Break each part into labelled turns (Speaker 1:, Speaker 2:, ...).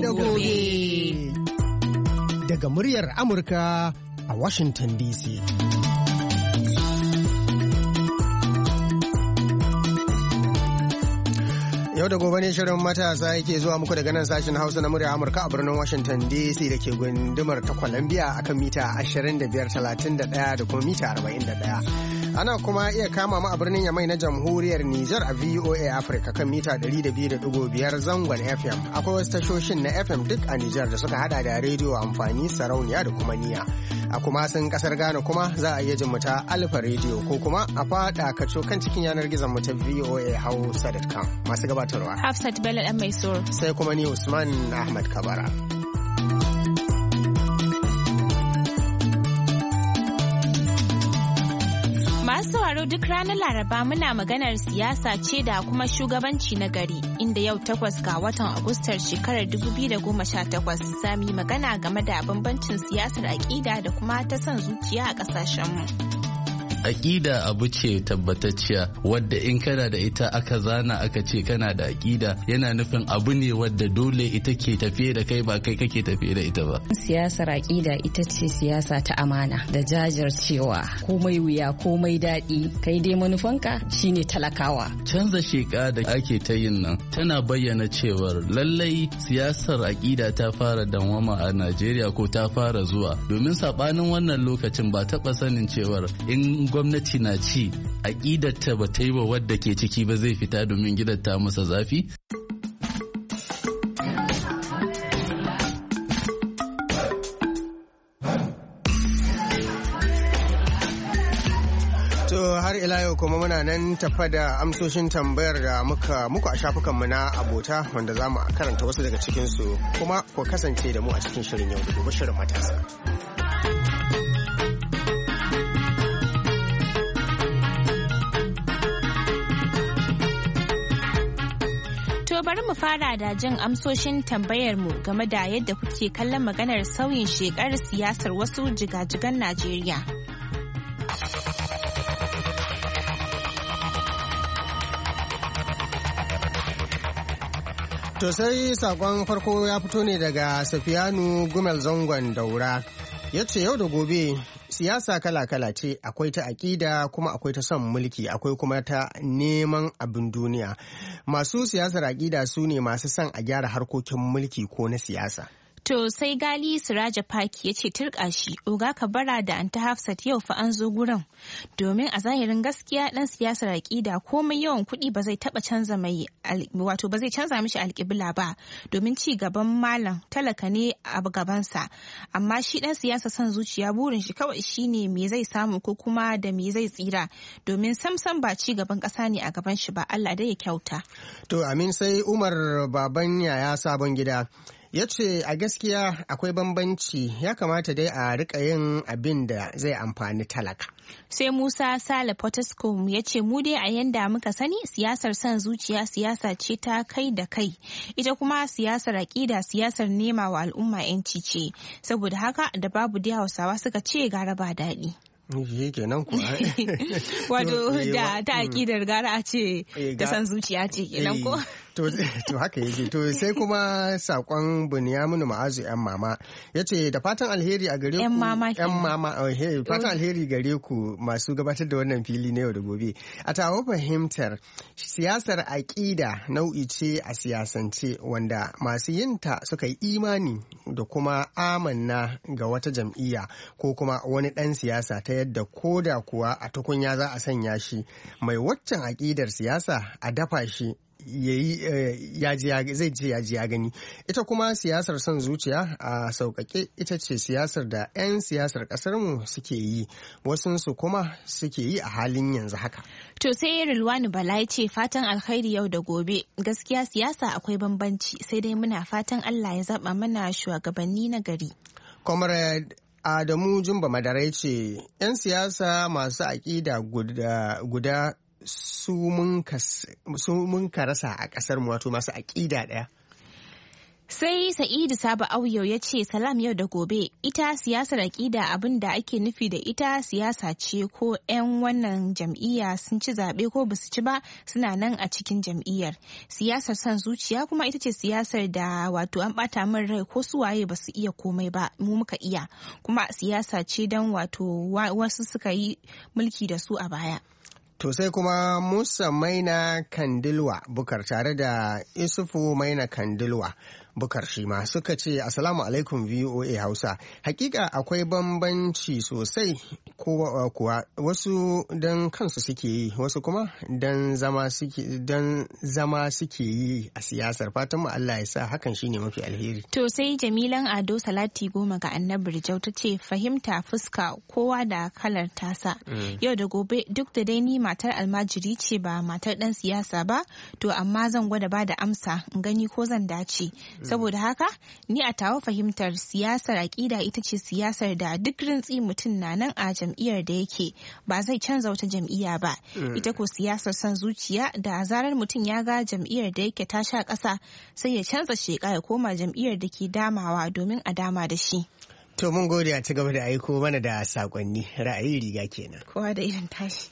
Speaker 1: da gobe.
Speaker 2: Daga muryar Amurka a Washington DC. Yau da gobe ne shirin matasa yake zuwa muku daga nan sashen Hausa na murya Amurka a birnin Washington DC da ke gundumar ta Columbia akan mita 25, 31 da kuma mita 41. Ana kuma iya kama mu a birnin Yamai na jamhuriyar Nijar a VOA Africa kan mita 200.5 zangon FM. Akwai wasu tashoshin na FM duk a Nijar da suka hada da rediyo amfani sarauniya da kuma niya. A kuma sun kasar Ghana kuma za a iya jin mu ta Alfa rediyo ko kuma a fada kaco kan cikin yanar gizon mu ta VOA Hausa.com. Masu gabatarwa. Hafsat Bello dan mai Sai kuma ni Usman Ahmad Kabara.
Speaker 3: Masu sauraro duk ranar Laraba muna maganar siyasa ce da kuma shugabanci na gari inda yau takwas ga watan Agustar shekarar 2018 sami magana game da bambancin siyasar aƙida da kuma ta son zuciya a ƙasashenmu.
Speaker 4: aƙida abu ce tabbatacciya wadda in kana da ita aka zana aka ce kana da aƙida yana nufin abu ne wadda dole ita ke tafiye da kai ba kai kake tafiye da ita ba.
Speaker 5: Siyasar aƙida ita ce siyasa ta amana da jajircewa komai wuya komai daɗi kai dai manufanka shine talakawa.
Speaker 4: Canza sheƙa da ake ta yin nan tana bayyana cewar lallai siyasar aƙida ta fara danwama a Najeriya ko ta fara zuwa domin saɓanin wannan lokacin ba taɓa sanin cewar in gwamnati na ci aƙidarta ba ta yi wa wadda ke ciki ba zai fita domin gidan masa zafi
Speaker 2: har ila yau kuma muna nan tafa da amsoshin tambayar da muka muku a shafukanmu na abota wanda za mu karanta wasu daga cikinsu kuma ku kasance da mu a cikin shirin yau da gobe shirin matasa.
Speaker 3: bari mu fara da jin amsoshin tambayar mu game da yadda kuke kallon maganar sauyin shekar siyasar wasu jigajigan Najeriya.
Speaker 2: To sai sakon farko ya fito ne daga Safiyanu Gumel Zangon Daura. Ya ce yau da gobe siyasa kala-kala ce akwai ta aƙida kuma akwai ta son mulki akwai kuma ta neman abin duniya masu siyasar aƙida su ne masu son a gyara harkokin mulki ko na siyasa
Speaker 3: To sai Gali Siraja Paki ya ce turka shi oga ka bara da ta Hafsat yau fa an zo gurin. Domin a zahirin gaskiya ɗan siyasar akida komai yawan kuɗi ba zai taɓa canza mai wato ba zai canza mishi alƙibla ba domin ci gaban malam talaka ne a gabansa. Amma shi ɗan siyasa son zuciya burin shi kawai shi ne me zai samu ko kuma da me zai tsira domin samsam ba ci gaban ƙasa ne a gaban shi ba Allah dai ya kyauta.
Speaker 2: To amin sai Umar baban yaya sabon gida. ya ce a gaskiya akwai bambanci ya kamata dai a rika yin abin da zai amfani talaka
Speaker 3: sai musa sale potascom ya ce mu dai a yanda muka sani siyasar san zuciya siyasa ce ta kai da kai ita kuma siyasar aƙida siyasar nema wa al'umma 'yanci ce saboda haka da babu dai hausawa suka ce gara ba daɗi
Speaker 2: kenan kuwa
Speaker 3: wato eh, da ta mm. aƙidar gara a ce da eh, san zuciya ce kenan eh, ko
Speaker 2: to haka yake to sai kuma saƙon Bunyaminu Ma'azu yan mama Ya ce da fatan alheri a gare ku yan mama ke? Oh, fatan alheri gare ku masu gabatar da wannan fili na yau da gobe a tawo fahimtar siyasar aƙida nau'i ce a siyasance wanda masu yin ta suka yi imani da kuma amanna ga wata jam'iyya ko kuma wani ɗan siyasa ta yadda ko da kuwa a tukunya za a sanya shi mai waccan aƙidar siyasa a dafa shi Eh, zai ce ya ji ya gani ita kuma siyasar son zuciya a sauƙaƙe ita ce siyasar da 'yan siyasar ƙasarmu suke yi wasunsu kuma suke yi a halin yanzu haka
Speaker 3: to sai rilwani bala ya ce fatan alkhairi yau da gobe gaskiya siyasa akwai bambanci sai dai muna fatan allah ya zaɓa mana shugabanni na gari
Speaker 2: comrade Adamu Jumba Madara ya ce, ‘yan siyasa masu aƙida guda su mun ka rasa a ƙasar mu wato masu aƙida ɗaya.
Speaker 3: Sai Sa'idu Sabo Auyo ya ce salam yau da gobe ita siyasar aƙida abin da ake nufi da ita siyasa ce ko 'yan wannan jam'iyya sun ci zaɓe ko basu ci ba suna nan a cikin jam'iyyar. Siyasar son zuciya kuma ita ce siyasar da wato an ɓata min rai ko su waye basu iya komai ba mu muka iya kuma siyasa ce don wato wasu suka yi mulki da su a baya.
Speaker 2: To sai kuma Musa Maina Kandilwa Bukar tare da Isufu Maina Kandilwa Bukar Shima suka ce Assalamu alaikum VOA Hausa. Hakika akwai bambanci sosai kowa uh, kuwa wasu don kansu suke yi wasu kuma don zama suke yi a siyasar fatan mu Allah ya sa hakan shi ne mafi alheri.
Speaker 3: To sai Jamilan Ado Salati goma ga Annabi Rijau ta ce fahimta fuska kowa da kalar tasa. Mm. Yau da gobe duk da dai ni matar almajiri ce ba matar dan siyasa ba to amma zan gwada ba da amsa in gani ko zan dace Mm. saboda haka ni a tawa fahimtar siyasar aƙida ita ce siyasar da duk rintsi mutum na nan a jam'iyyar da yake ba zai canza wata jam'iyya ba mm. ita ko siyasar son zuciya da zarar mutum ya ga jam'iyyar da yake ta sha ƙasa sai ya canza sheƙa ya koma jam'iyyar da ke damawa domin a dama da shi
Speaker 2: to mun gode a ci gaba da aiko mana da sakonni ra'ayi riga kenan
Speaker 3: kowa da irin tashi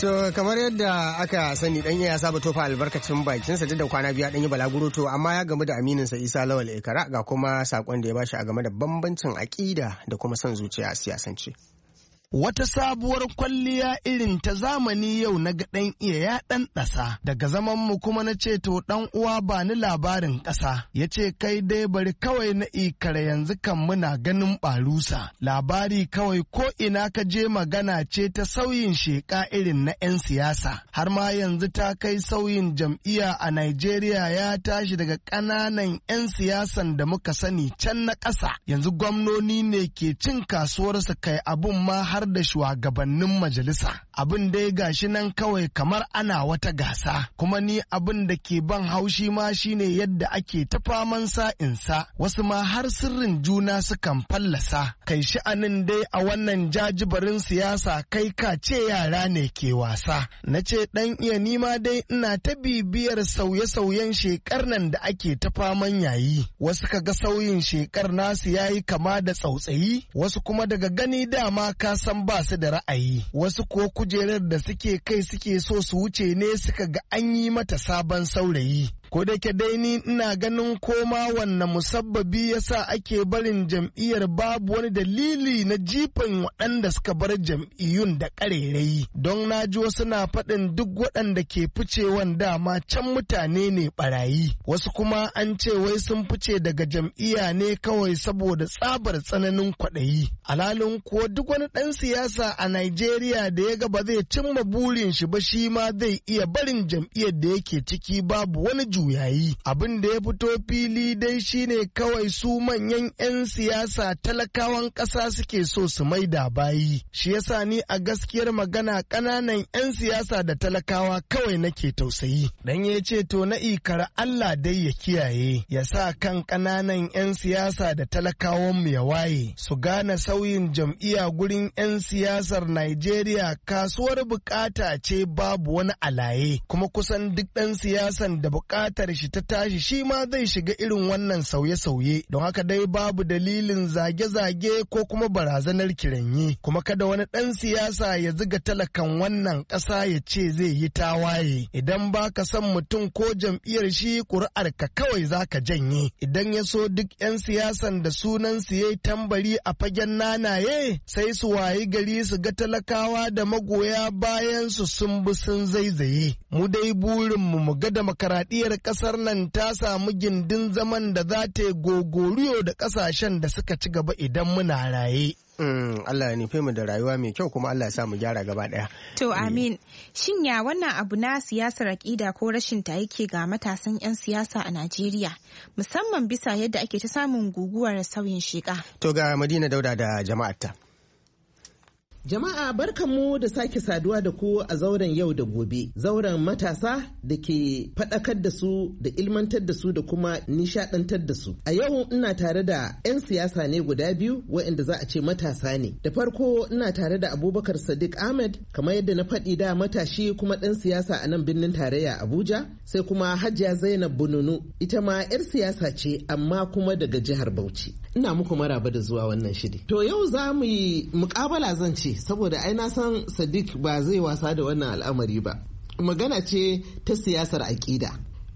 Speaker 2: To kamar yadda aka sani ɗanye ya saba tofa albarkacin bakinsa sa da kwana biya ɗanyi balaguro to amma ya gamu da sa Isa Lawal Ekara ga kuma sakon da ya bashi a game da bambancin aƙida da kuma son zuciya a siyasance. wata
Speaker 6: sabuwar kwalliya irin ta zamani yau na ga ɗan iya ya ɗan ɗasa daga zaman mu kuma na ce to ɗan uwa ba ni labarin ƙasa ya ce kai dai bari kawai na ikare yanzu kan muna ganin barusa labari kawai ko ina ka je magana ce ta sauyin sheƙa irin na 'yan siyasa har ma yanzu ta kai sauyin jam'iyya a Najeriya ya tashi daga ƙananan 'yan siyasan da muka sani can na ƙasa yanzu gwamnoni ne ke cin kasuwarsa kai abun ma har har da shugabannin majalisa abin dai gashi nan kawai kamar ana wata gasa kuma ni abin da ke ban haushi ma shine yadda ake ta faman insa, wasu ma har sirrin juna sukan fallasa kai sha'anin dai a wannan jajibarin siyasa kai ka ce yara ne ke wasa na ce dan iya nima dai ina ta bibiyar sauye-sauyen shekar nan da ake ta faman yayi wasu ka ga sauyin shekar nasu yayi kama da tsautsayi wasu kuma daga gani dama ka san ba su da ra'ayi wasu ko kujerar da suke kai suke so su wuce ne suka ga an yi mata sabon saurayi ko da ke dai ina ganin koma wannan musabbabi yasa ake barin jam'iyyar babu wani dalili na jifan waɗanda suka bar jam'iyyun da ƙarerayi don na ji wasu na faɗin duk waɗanda ke ficewan dama can mutane ne ɓarayi wasu kuma an ce wai sun fice daga jam'iyya ne kawai saboda tsabar tsananin kwaɗayi alhalin kuwa duk wani ɗan siyasa a Najeriya da ya ga ba zai cimma burin shi ba shi ma zai iya barin jam'iyyar da yake ciki babu wani yi abin da ya fito fili dai shine kawai su manyan 'yan siyasa talakawan ƙasa suke so su maida bayi shi yasa ni a gaskiyar magana ƙananan 'yan siyasa da talakawa kawai nake tausayi dan ya ce to na ikar Allah dai ya kiyaye ya sa kan ƙananan 'yan siyasa da talakawan mu ya waye su gane sauyin jam'iyya gurin 'yan siyasar Najeriya kasuwar bukata ce babu wani alaye kuma kusan duk ɗan siyasan da bukata buƙatar shi ta tashi shi ma zai shiga irin wannan sauye-sauye don haka dai babu dalilin zage-zage ko kuma barazanar kiranyi kuma kada wani ɗan siyasa ya ziga talakan wannan ƙasa ya ce zai yi tawaye idan ba ka son mutum ko jam'iyyar shi ƙuri'ar ka kawai za ka janye idan ya so duk 'yan siyasan da sunan su yayi tambari a fagen nanaye sai su wayi gari su ga talakawa da magoya bayan su sun bi sun zaizaye mu dai burin mu mu ga makaradiyar kasar nan ta samu gindin zaman da za ta yi gogoriyo da
Speaker 2: kasashen da suka ci gaba idan muna raye. Mm, Allah ya nufe mu da rayuwa mai kyau kuma Allah ya sa gyara gaba daya.
Speaker 3: To mm. amin. Shin ya wannan abu na siyasar aƙida ko rashin ta yake ga matasan 'yan siyasa a Najeriya musamman bisa yadda ake ta samun guguwar sauyin shiƙa.
Speaker 2: To ga Madina Dauda da jama'arta.
Speaker 3: Jama'a
Speaker 7: barkanmu da sake saduwa da ku a zauren yau da gobe. Zauren matasa da ke faɗakar da su da ilmantar da su da kuma nishaɗantar da su. A yau ina tare da 'yan siyasa ne guda biyu waɗanda za a ce matasa ne. Da farko ina tare da Abubakar Sadiq Ahmed kamar yadda na faɗi da matashi kuma ɗan siyasa a nan birnin tarayya Abuja. Sai kuma Hajiya Zainab Bununu ita ma 'yar siyasa ce amma kuma daga jihar Bauchi. Ina muku maraba da zuwa wannan shiri. To yau za mu yi mukabala zan ce ce saboda ai na san sadiq ba zai wasa da wannan al'amari ba magana ce ta siyasar aƙida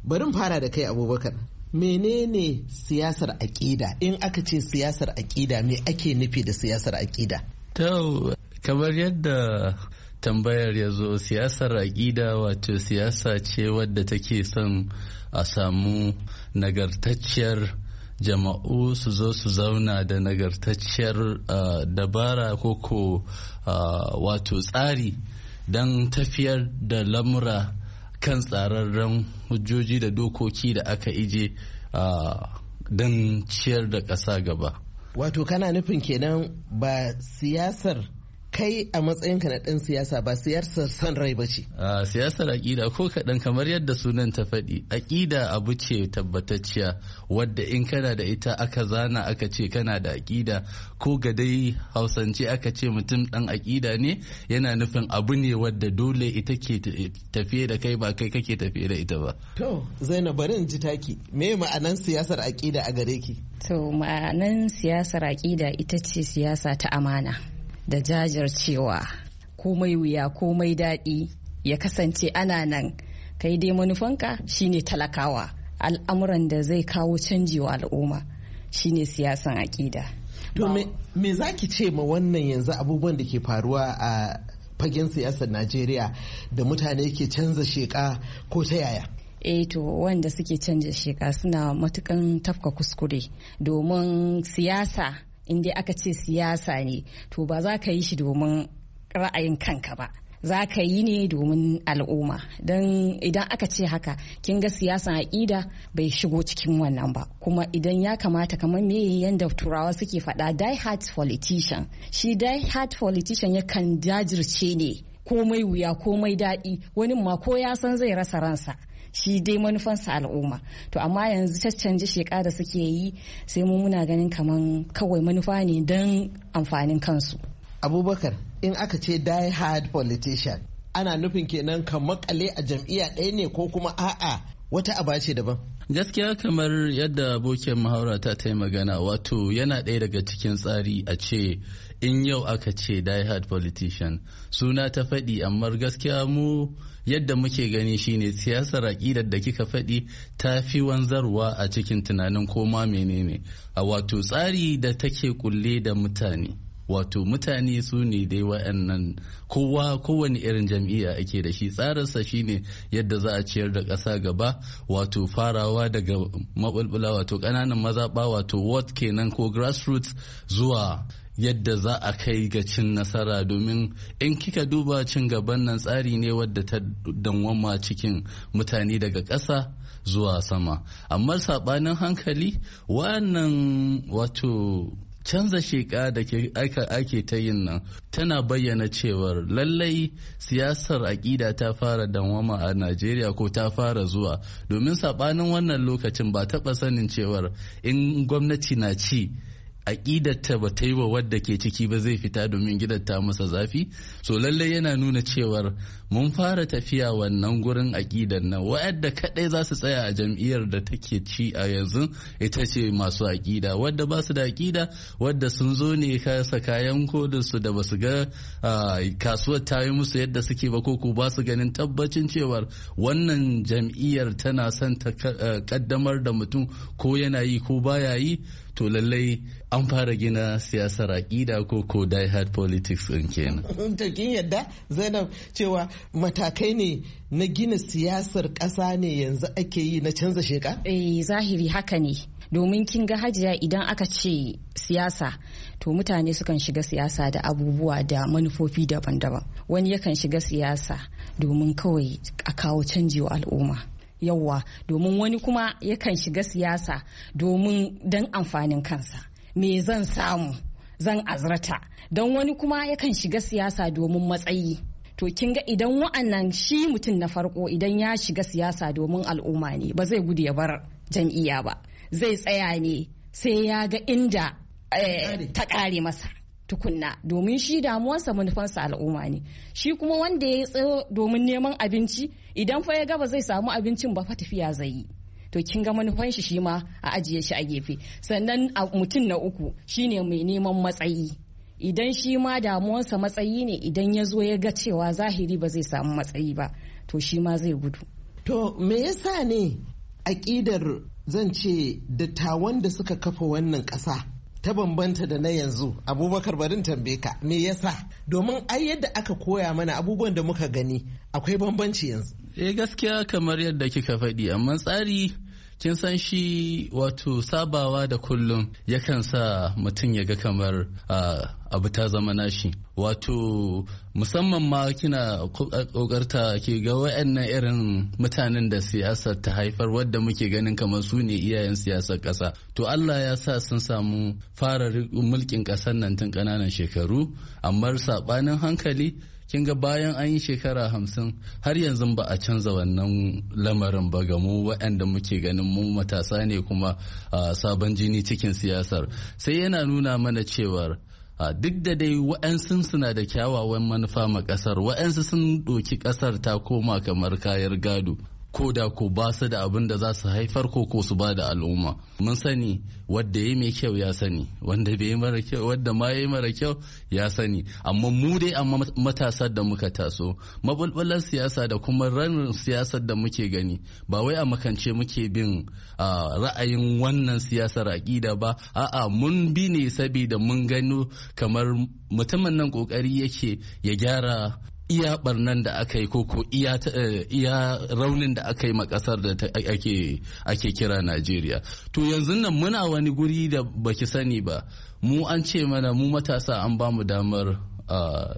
Speaker 7: bari fara da kai abubakar menene siyasar aƙida in aka ce siyasar aƙida me ake nufi da siyasar aƙida
Speaker 4: to kamar yadda tambayar ya zo siyasar aƙida wato siyasa ce wadda take son a samu nagartacciyar jama'u su zo su zauna da nagartacciyar dabara ko ko wato tsari don tafiyar da lamura kan tsararren hujjoji da dokoki da aka ije don ciyar da ƙasa gaba.
Speaker 7: Wato kana nufin kenan ba siyasar kai a matsayinka na ɗan siyasa ba siyasar son rai ba ce.
Speaker 4: siyasar aƙida ko kaɗan kamar yadda sunan ta faɗi aƙida abu ce tabbatacciya wadda in kana da ita aka zana aka ce kana da aƙida ko ga dai hausance aka ce mutum ɗan aƙida ne yana nufin abu ne wadda dole ita ke tafiye da kai ba kai kake tafiye da ita ba.
Speaker 7: To Zainab bari ji taki me ma'anan siyasar aƙida a gare ki?
Speaker 5: To ma'anan siyasar aƙida ita ce siyasa ta amana. da jajircewa komai wuya komai daɗi ya kasance ana nan kai dai manufanka shine talakawa al'amuran da zai kawo canji al'umma shine siyasan aƙida.
Speaker 7: to me, za ki ce ma wannan yanzu abubuwan da ke faruwa
Speaker 5: a fagen siyasar najeriya da mutane ke canza sheka ko ta yaya eh to wanda suke canza sheka suna matukan tafka kuskure domin siyasa in dai aka ce siyasa ne to ba za ka yi shi domin ra'ayin kanka ba za ka yi ne domin al'umma don idan aka ce haka kin ga siyasa aƙida bai shigo cikin wannan ba kuma idan ya kamata kamar me yadda turawa suke faɗa die hard politician shi die hard politician yakan jajirce ne komai wuya komai daɗi wani ma ko ya san zai rasa ransa shi dai manufansa al'umma to amma yanzu caccanje sheka da suke yi sai mu muna ganin kaman kawai manufa ne don amfanin kansu abubakar in aka ce die hard politician
Speaker 7: ana nufin kenan ka makale a jam'iyya ɗaya ne ko kuma a'a wata aba ce daban
Speaker 4: gaskiya kamar yadda abokin mahaura ta ta magana wato yana ɗaya daga cikin tsari a ce in yau aka ce die hard politician suna ta faɗi amma gaskiya mu yadda muke gani shine siyasar aƙidar da kika faɗi ta fi wanzarwa a cikin tunanin koma menene a wato tsari da take kulle da mutane wato mutane su ne dai wa'annan kowa kowane irin jam'iyya ake da shi tsararsa shine yadda za a ciyar da ƙasa gaba wato farawa daga maɓulɓula wato ƙananan mazaɓa wato ward kenan ko grassroots zuwa yadda za a kai ga cin nasara domin in kika duba cin gaban nan tsari ne wadda ta danwama cikin mutane daga ƙasa zuwa sama amma saɓanin hankali wannan wato canza sheƙa da ake ta yin nan tana bayyana cewar lallai siyasar aƙida ta fara danwama a najeriya ko ta fara zuwa domin saɓanin wannan lokacin ba taɓa sanin cewar in gwamnati na ci aƙidarta ba ta yi wa wadda ke ciki ba zai fita domin gidanta masa zafi so lallai yana nuna cewar mun fara tafiya wannan gurin aƙidan nan wa'adda kaɗai za su tsaya a jam'iyyar da take ci a yanzu ita ce masu aƙida wadda ba su da aƙida wadda sun zo ne kasa kayan kodin su da su ga kasuwar ta yi musu yadda suke ba ko ba su ganin tabbacin cewar wannan jam'iyyar tana son ta kaddamar da mutum ko yana yi ko baya yi to lallai an fara gina siyasar aƙida ko ko die hard politics ɗin kenan.
Speaker 7: yadda Zainab cewa matakai ne na gina siyasar ƙasa ne
Speaker 5: yanzu ake yi na canza sheka? Eh zahiri haka ne. Domin kin ga hajiya idan aka ce siyasa to mutane sukan shiga siyasa da abubuwa da manufofi daban-daban. Wani yakan shiga siyasa domin kawai a kawo canji wa al'umma. Yawwa domin wani kuma yakan shiga siyasa domin don amfanin kansa. Me zan samu? zan azrata don wani kuma yakan shiga siyasa domin matsayi to kin ga idan wa'annan shi mutum na farko idan ya shiga siyasa domin al'umma ne ba zai gudu ya bar jam'iyya ba zai tsaya ne sai ya ga inda eh, ta kare masa tukunna domin shi damuwarsa manufansa al'umma ne shi kuma wanda ya yi tsayo domin neman abinci idan fa ya ga ba zai samu abincin ba fa tafiya zai yi to kin ga manufan shi shi ma a ajiye shi a gefe sannan mutum na uku shine mai neman matsayi idan shi ma damuwansa matsayi ne idan ya zo ya ga cewa zahiri ba zai samu matsayi ba to shi ma zai gudu to me
Speaker 7: yasa ne aƙidar zan ce dattawan da suka kafa wannan ƙasa ta bambanta da na yanzu abubakar barin tambaye ka me yasa domin ai yadda aka koya mana abubuwan da muka gani akwai bambanci yanzu
Speaker 4: eh gaskiya kamar yadda kika faɗi amma tsari kin san shi wato sabawa da kullum yakan sa mutum ya ga kamar abu ta zama nashi wato musamman ma kina kokarta ke ga wayannan irin mutanen da siyasa ta haifar wadda muke ganin kamar su ne iyayen siyasar ƙasa to Allah ya sa sun samu fara mulkin ƙasar nan tun ƙananan shekaru amma saɓanin hankali kin ga bayan an yi shekara hamsin har yanzu ba a canza wannan lamarin ba ga mu waɗanda muke ganin mu matasa ne kuma sabon jini cikin siyasar sai yana nuna mana cewar duk da dai wa'ansu suna da kyawawan manufa ma ƙasar wa'ansu sun ɗoki ƙasar ta koma kamar kayar gado ko da ko ba su da abin da za su haifar ko ko su ba da al'umma mun sani wanda ya mai kyau ya sani wanda bai yi mara kyau wanda ma ya yi mara kyau ya sani amma mu dai amma matasa da muka taso mabulbular siyasa da kuma ranar siyasar da muke gani ba wai a makance muke bin ra'ayin wannan siyasar aƙida ba a'a mun bi ne saboda mun gano kamar mutumin nan kokari yake ya gyara iya barnan da aka yi koko eh, iya raunin da aka yi makasar da ake kira Najeriya. To yanzu nan muna wani guri da baki sani ba, mu an ce mana mu matasa an bamu damar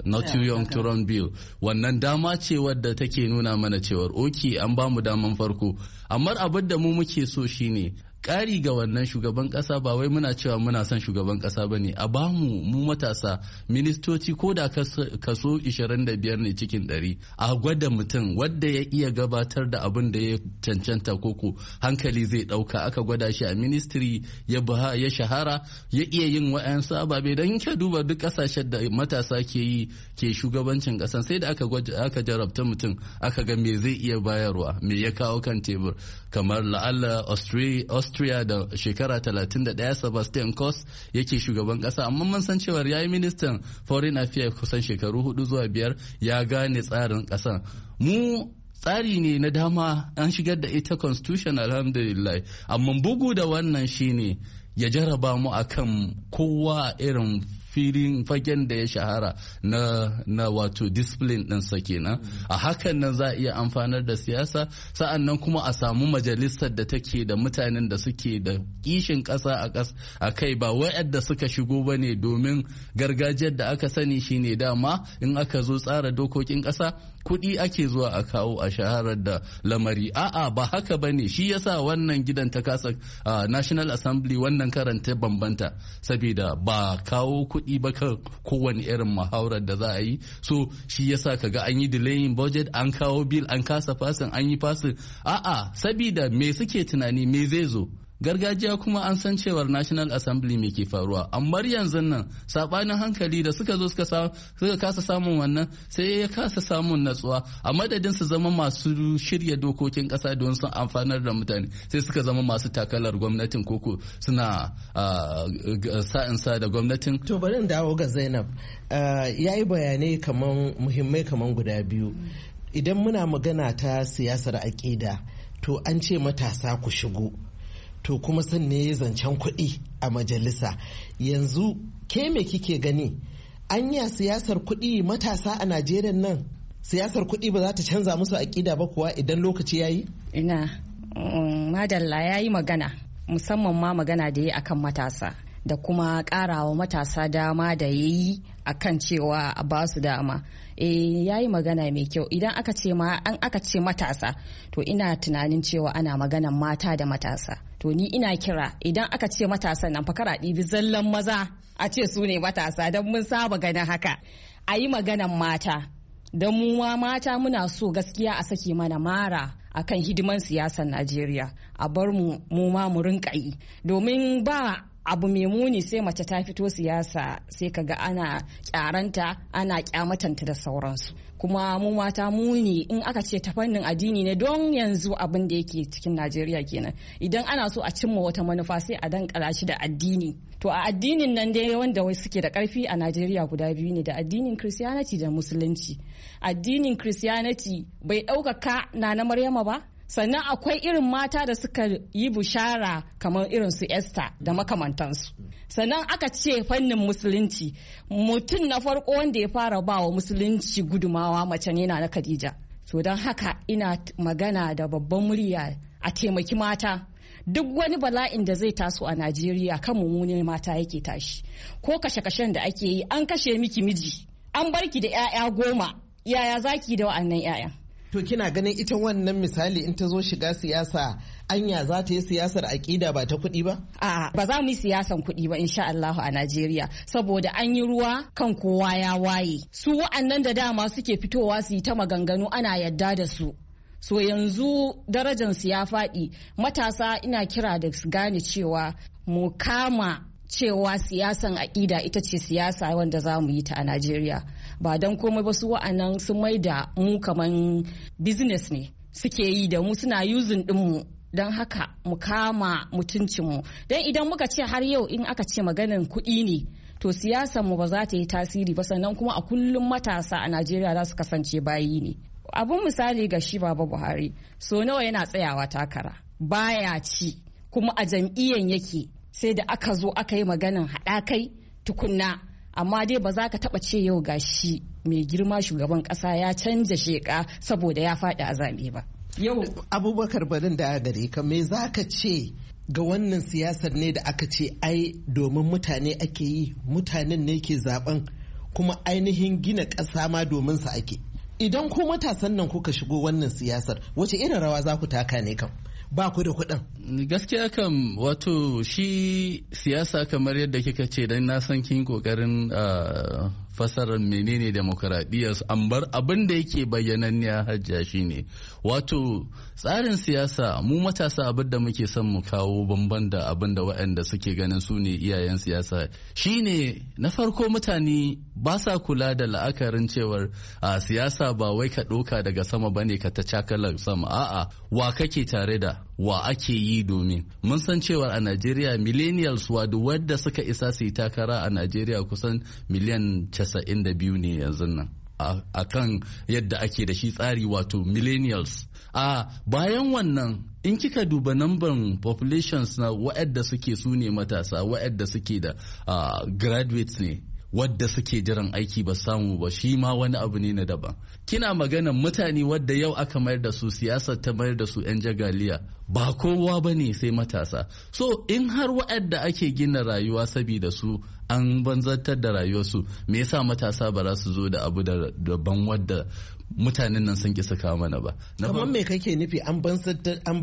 Speaker 4: not too young to run bill wannan dama ce wadda take nuna mana cewar oki an ba mu daman farko amma abin da mu muke so shine kari ga wannan shugaban kasa ba wai muna cewa muna son shugaban ƙasa ba ne a ba mu mu matasa ministoci ko da kaso 25 ne cikin 100 a gwada mutum wadda ya iya gabatar da abin da ya cancanta koko hankali zai ɗauka aka gwada shi a ministiri ya ya shahara ya iya yin wa'ansu ababe don ka duba duk ƙasashen da matasa ke yi ke shugabancin ƙasa sai da aka jarabta mutum aka ga me zai iya bayarwa me ya kawo kan tebur kamar la'alla austria da shekara 31 sebastian kos yake shugaban kasa amma mun san cewa ya yi ministan foreign affairs kusan shekaru hudu zuwa biyar ya gane tsarin kasan mu tsari ne na dama an shigar da ita constitution alhamdulillah amma bugu da wannan shine ya jaraba mu akan kowa irin filin fagen da ya shahara na, na wato discipline ɗinsa kenan mm. a hakan nan za a iya amfanar da siyasa sa'an nan kuma a samu majalisar da take da mutanen da suke da kishin kasa a kai ba wa'yadda suka shigo ba ne domin gargajiyar da aka sani shine dama in aka zo tsara dokokin ƙasa kuɗi ake zuwa a kawo a shaharar da lamari a'a ba haka ba ne shi yasa wannan gidan ta kasa national assembly wannan karanta bambanta saboda ba kawo kuɗi kuɗi ba kan kowane irin muhawarar da za a yi so shi yasa ka ga an yi delaying budget an kawo bill an kasa fasin an yi fasin a'a sabida me suke tunani me zai zo gargajiya kuma an san cewar national assembly mai ke faruwa amma yanzu nan sabanin hankali da suka zo suka kasa samun wannan sai ya kasa samun natsuwa a madadin su zama masu shirya dokokin kasa don sun amfanar da mutane sai suka zama masu takalar gwamnatin koko suna sa'in sa da gwamnatin to bari in dawo ga zainab ya yi bayanai kaman
Speaker 7: muhimmai kamar guda biyu idan muna magana ta siyasar aƙida to an ce matasa ku shigo to kuma sanne ne zancen kuɗi a majalisa yanzu ke me kike gani An anya siyasar kuɗi matasa a najeriya nan siyasar kuɗi ba za ta canza musu aƙida ba kuwa idan lokaci ya yi ina
Speaker 5: mm, madalla ya yi magana musamman ma magana da ya akan matasa da kuma karawa matasa dama da ya yi akan cewa a ba su dama e ya yi magana mai kyau idan aka ce an aka ce matasa to ina tunanin cewa ana maganan mata da matasa to ni ina kira idan aka ce matasan nan fakara ɗibi zallan maza a ce su ne matasa don mun saba ganin haka a yi maganan mata don mu mata muna so gaskiya a sake mana mara a kan hidiman siyasar najeriya a bar mu mu ma mu rinka yi domin ba abu mai muni sai mace ta fito siyasa sai kaga ana kyaranta ana kyamatanta da sauransu kuma mu mata muni in aka ce ta fannin addini ne don yanzu abin da yake cikin najeriya kenan idan ana so a cimma wata manufa sai a dankala shi da addini to a addinin nan dai wanda wai suke da karfi a najeriya guda biyu ne da addinin christianity da musulunci addinin christianity bai ɗaukaka na na maryama ba sannan akwai irin mata da suka yi bushara kamar irin su esther da makamantansu sannan aka ce fannin musulunci mutum na farko wanda ya fara ba wa musulunci gudumawa mace ne na khadija so don haka ina magana da babban murya a taimaki mata duk wani bala'in da zai taso a najeriya kan mummunin mata yake tashi ko kashe-kashen da ake yi an kashe miki miji an barki da 'ya'ya goma yaya zaki da wa'annan 'ya'yan to kina ganin ita wannan misali in ta zo shiga siyasa anya za ta yi siyasar aƙida ba ta kuɗi ba? A ba za mu yi siyasan kuɗi ba insha Allahu a Najeriya saboda an yi ruwa kan kowa ya waye. Su wa'annan da dama suke fitowa su yi ta maganganu ana yadda da su. So yanzu darajansu ya faɗi matasa ina kira da su gane cewa mu kama cewa siyasan aƙida ita ce siyasa wanda za mu yi ta a Najeriya. ba don komai ba su wa'annan mai da mu kaman business ne suke yi da mu suna using dinmu don haka mu kama mutuncinmu don idan muka ce har yau in aka ce maganin kuɗi ne to siyasar mu ba za ta yi tasiri ba sannan kuma a kullum matasa a najeriya za su kasance bayi ne abun misali ga shi baba buhari so nawa yana tsayawa takara baya ci kuma a jam'iyyan yake sai da aka zo aka yi maganin haɗakai tukunna amma dai ba za ka taba ce yau gashi mai girma shugaban kasa ya canja sheka saboda ya faɗi a zaɓe ba
Speaker 7: yau abubakar barin da gare ka me za ka ce ga wannan siyasar ne da aka ce ai domin mutane ake yi mutanen ne ke zaben kuma ainihin gina ƙasa ma domin su ake idan ku matasan nan kuka shigo wannan siyasar wace irin rawa za ku taka ne kam ba ku da kuɗin.
Speaker 4: gaskiya kam wato shi siyasa kamar yadda kika ce dan na san kin kokarin ah, fasarar menene demokradiyya an bar abin da yake bayyananniya hajja shine wato tsarin siyasa mu matasa abin da muke son mu kawo bamban da abin da waɗanda suke ganin su ne iyayen siyasa shine na farko mutane ba sa kula da la'akarin cewar a siyasa ba wai ka ɗoka daga sama bane ka ta cakalar sama a'a wa kake tare da wa ake yi domin mun san cewar a najeriya millennials wadu wadda suka isa su yi takara a najeriya kusan miliyan 92 ne yanzu nan a kan yadda ake da shi tsari wato millennials a bayan wannan in kika duba namban populations na wa'adda suke su ne matasa wa'adda suke da graduates ne wadda suke jiran aiki ba samu ba shi ma wani abu ne na daban kina magana mutane wadda yau aka mayar da su siyasa ta mayar da su 'yan jagaliya ba kowa ba ne sai matasa so in har wa'adda ake gina rayuwa sabida su an banzartar da rayuwarsu me yasa matasa ba za su zo da abu daban wadda mutanen nan sun kisa kawo mana ba. Kamar me
Speaker 7: kake nufi an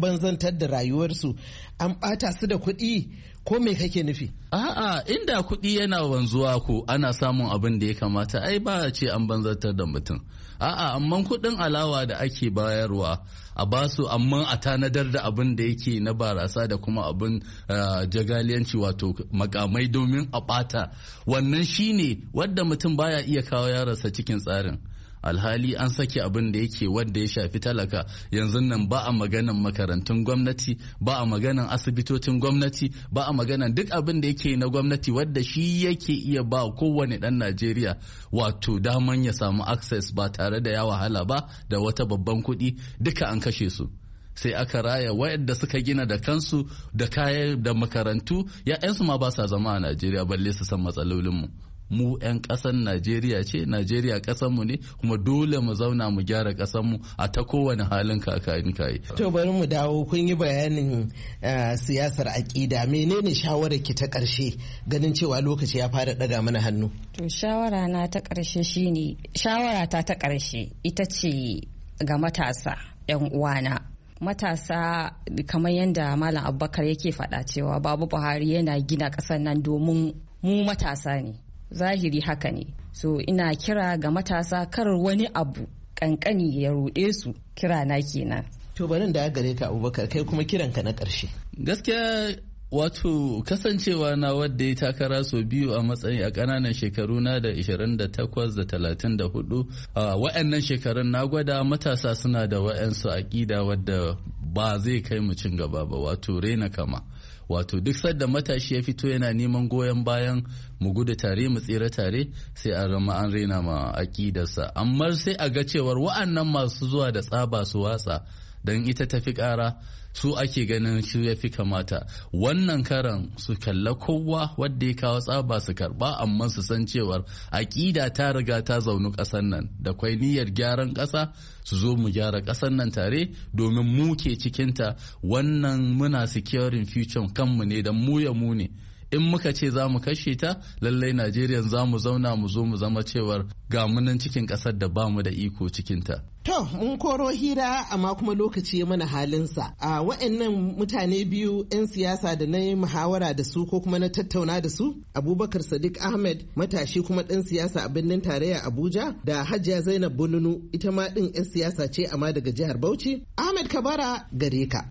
Speaker 7: banzantar da rayuwarsu an bata su da kuɗi ko me kake nufi
Speaker 4: a'a inda kuɗi yana wanzuwa ko ana samun abin da ya kamata ai ba a ce an banzartar da mutum a'a amma kuɗin alawa da ake bayarwa a basu amma a tanadar da abin da yake na barasa da kuma abin ah, jagaliyanci wato makamai domin a ɓata wannan shine wadda mutum baya iya kawo yaransa cikin tsarin alhali an saki abin da yake wanda ya shafi talaka yanzu nan ba a maganan makarantun gwamnati ba a maganan asibitocin gwamnati ba a maganan duk abin da yake na gwamnati wadda shi yake iya ba kowane dan najeriya wato daman ya samu access ba tare da ya wahala ba da wata babban kuɗi duka an kashe su sai aka raya wayanda suka gina da kansu da kaya da makarantu 'ya'yansu ma ba sa zama a najeriya balle su san matsalolinmu mu 'yan ƙasan najeriya ce najeriya ƙasanmu ne kuma dole mu zauna mu gyara ƙasanmu a ta kowane halin kakanin kayi
Speaker 7: to bari mu dawo kun yi bayanin eh, siyasar aƙida menene shawarar ki ta ƙarshe ganin cewa lokaci ya fara ɗaga mana hannu
Speaker 5: to shawara na ta ƙarshe shine shawara ta ta ƙarshe ita ce ga matasa 'yan uwana matasa kamar yadda malam abubakar yake faɗa cewa babu buhari yana gina ƙasar nan domin mu matasa ne zahiri haka ne so ina kira ga matasa kar wani abu kankani ya ruɗe su kira na kenan to barin da gare ka abubakar kai kuma kiranka na ƙarshe
Speaker 4: gaskiya wato kasancewa na wadda ya takara sau biyu a matsayi, a ƙananan shekaru na da 28 da 34 a wa'annan shekarun na gwada matasa suna da wa'ansu aƙida wadda ba zai kai mu cin gaba ba wato rena kama wato duk sadda matashi ya fito yana neman goyon bayan mu gudu tare mu tsira tare sai a rama an raina ma aƙidarsa amma sai a ga cewar wa'annan masu zuwa da tsaba su watsa don ita tafi ƙara su ake ganin shi ya fi kamata wannan karan su kalla kowa wadda ya kawo tsaba su karba amma su san cewar aƙida ta riga ta zaunu ƙasar nan da kwai niyyar gyaran ƙasa su zo mu gyara ƙasar nan tare domin mu ke cikinta wannan muna securing future kanmu ne da mu ya mu ne in muka ce za mu kashe ta lallai najeriya za mu zauna mu zo mu zama cewar ga munan cikin ƙasar da ba mu da iko cikin ta.
Speaker 7: To, mun koro hira amma kuma lokaci ya mana halinsa. A wa'annan mutane biyu 'yan siyasa da na yi muhawara da su ko kuma na tattauna da su, Abubakar Sadiq Ahmed matashi kuma ɗan siyasa a birnin tarayya Abuja da Hajiya Zainab Bununu ita ma ɗin 'yan siyasa ce amma daga jihar Bauchi. Ahmed Kabara gare ka.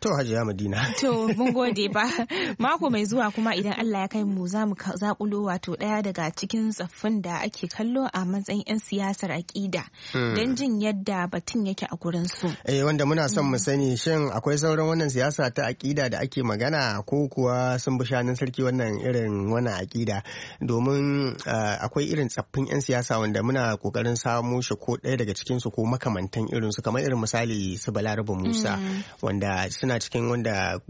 Speaker 2: To Hajiya Madina.
Speaker 3: To mun gode ba. Mako mai zuwa kuma idan Allah ya kai mu za mu zakulo wato ɗaya daga cikin tsaffin da ake kallo a matsayin 'yan siyasar aƙida. Hmm. Don jin yadda batun yake a gurin su.
Speaker 2: Eh wanda muna son mu hmm. sani shin akwai sauran wannan siyasa ta aƙida da ake magana ko kuwa sun bi shanun sarki wannan irin wannan aƙida domin eh, akwai irin tsaffin 'yan siyasa wanda muna kokarin samu shi ko ɗaya daga cikin su ko makamantan irin su kamar irin misali su Balarabe Musa hmm. wanda suna cikin wanda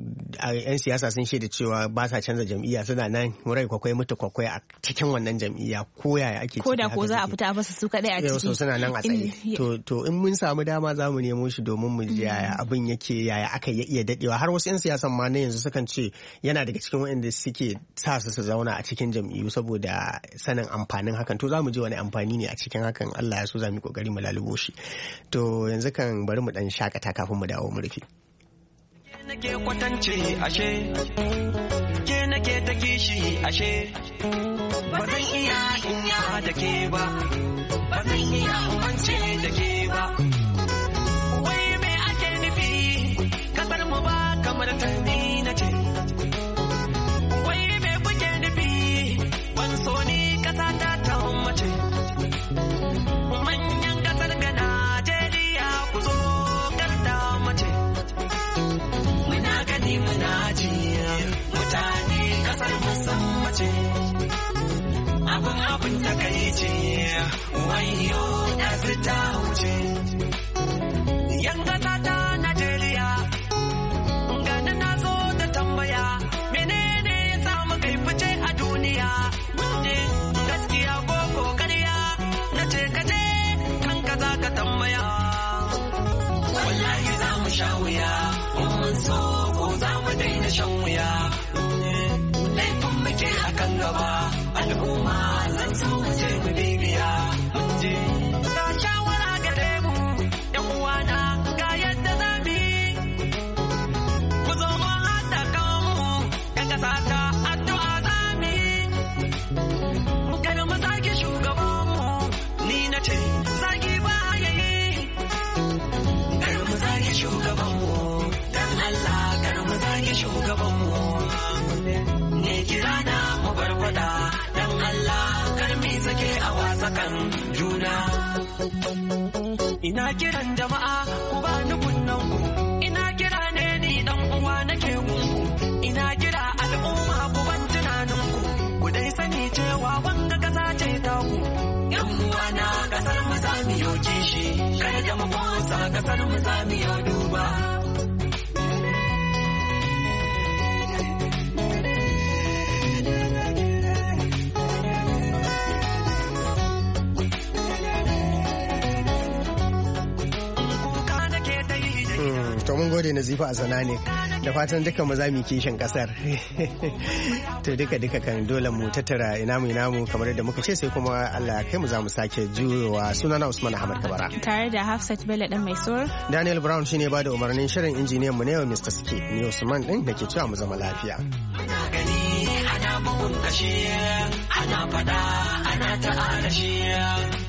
Speaker 2: yan siyasa sun shaida cewa ba sa canza jam'iyya suna nan murai kwakwai mutu kwakwai a cikin wannan jam'iyya ko yaya ake ko da ko za a
Speaker 3: fita a su kadai a ciki so suna nan a tsaye
Speaker 2: to in mun samu dama za mu nemo shi domin mu ji yaya mm. abin yake yaya aka iya dadewa har wasu yan siyasan ma na yanzu sukan ce yana daga cikin waɗanda suke sa su su zauna a cikin jam'iyyu saboda sanin amfanin hakan to za mu ji wani amfani ne a cikin hakan Allah ya so za mu yi kokari mu lalubo shi to yanzu kan bari mu dan shakata kafin mu dawo mu rufe
Speaker 1: nake kwatance ashe ke nake ta kishi ashe ba zan iya inya da ke ba wuce wayo ɗazu ta wuce yan kasa ta najeriya gani na zo da tambaya menene ya samu kai fice a duniya ne gaskiya ko kokariya na ce kaje kanka za ka tambaya wallahi za mu sha wuya mun so ko za daina shan wuya laifin a kan gaba al'umma zan so ina kiran jama'a ku ba ni kunnan ku ina kira ne ni dan uwa nake gungu ina kira al'umma ku ban tunanin ku ku dai sani cewa wanga kasa ce ta ku yan uwana kasar mu zamu mu yoke shi kada mu kasar mu zamu ya duba
Speaker 2: nazifa a sana ne da fatan duka mu za mu kishin kasar to duka duka kan dole mu tattara ina mu ina mu kamar yadda muka ce sai kuma Allah kai mu za mu sake juyowa sunana Usman Ahmad Kabara
Speaker 3: tare da Hafsat Bello dan mai sor
Speaker 2: Daniel Brown shine ba da umarnin shirin injiniyan mu ne wa Mr. Ski ni Usman din da ke cewa mu zama lafiya ana
Speaker 1: ana fada ana